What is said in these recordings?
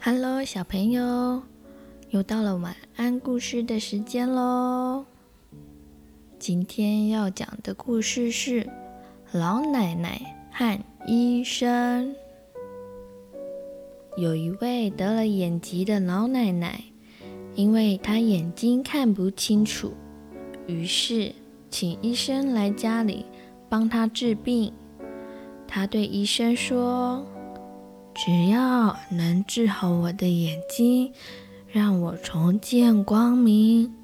哈嘍小朋友，又到了晚安故事的時間嘍。今天要講的故事是老奶奶和醫生。有一位得了眼疾的老奶奶，因為她眼睛看不清楚，於是請醫生來家裡幫她治病。她對醫生說。只要能治好我的眼睛，讓我重見光明，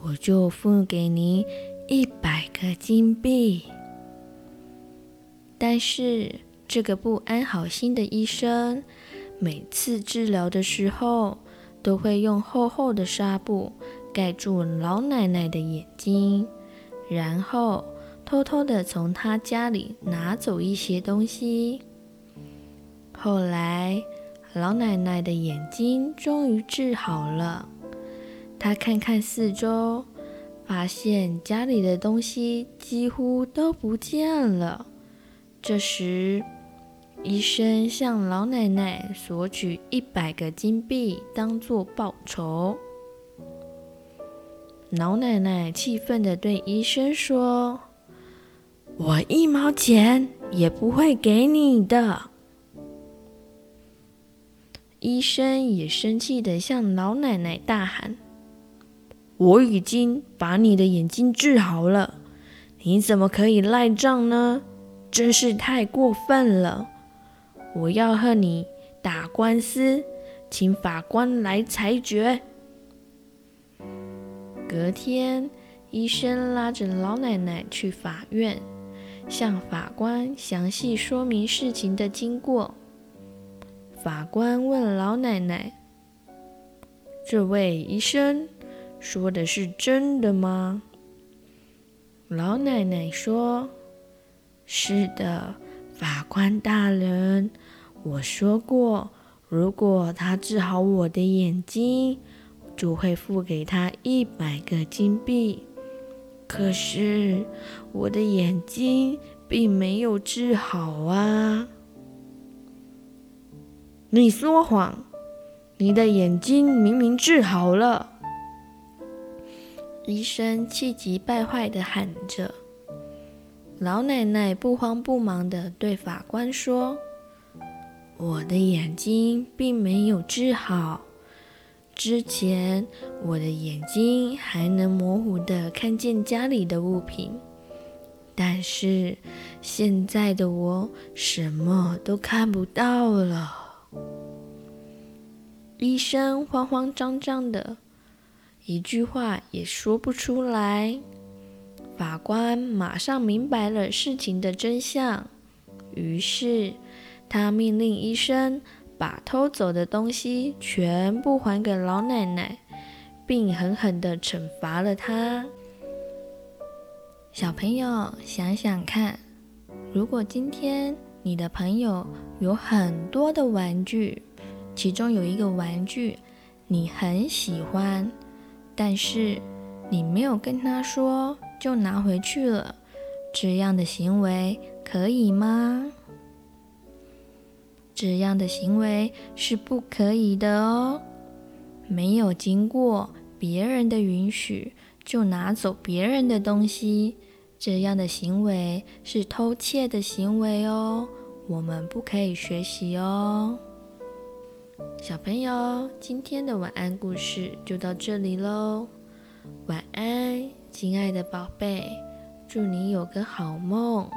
我就付給您一百個金幣。但是這個不安好心的醫生，每次治療的時候，都會用厚厚的紗布蓋住老奶奶的眼睛，然後偷偷的從她家裡拿走一些東西。後來，老奶奶的眼睛終於治好了。她看看四周，發現家裡的東西幾乎都不見了。這時，醫生向老奶奶索取一百個金幣當做報酬。老奶奶氣憤地對醫生說：“我一毛錢也不會給你的。”醫生也生氣地向老奶奶大喊：“我已經把你的眼睛治好了，你怎麼可以賴賬呢？真是太過分了！我要和你打官司，請法官來裁決。”隔天，醫生拉着老奶奶去法院，向法官詳細說明事情的經過。法官問老奶奶：“這位醫生說的是真的嗎？”老奶奶說：“是的，法官大人，我說過，如果他治好我的眼睛，就會付給他一百個金幣。可是我的眼睛並沒有治好啊。”“你說謊！你的眼睛明明治好了。”醫生氣急敗壞地喊着。老奶奶不慌不忙地對法官說：“我的眼睛並沒有治好。之前我的眼睛還能模糊地看見家裡的物品，但是現在的我什麼都看不到了。”醫生慌慌張張的，一句話也說不出來。法官馬上明白了事情的真相，於是他命令醫生把偷走的東西全部還給老奶奶，並狠狠地懲罰了他。小朋友，想想看，如果今天……你的朋友有很多的玩具，其中有一個玩具你很喜歡，但是你沒有跟他說就拿回去了，這樣的行為可以嗎？這樣的行為是不可以的哦，沒有經過別人的允許就拿走別人的東西。這樣的行為是偷竊的行為哦，我們不可以學習哦。小朋友，今天的晚安故事就到這裡嘍。晚安，親愛的寶貝，祝你有個好夢。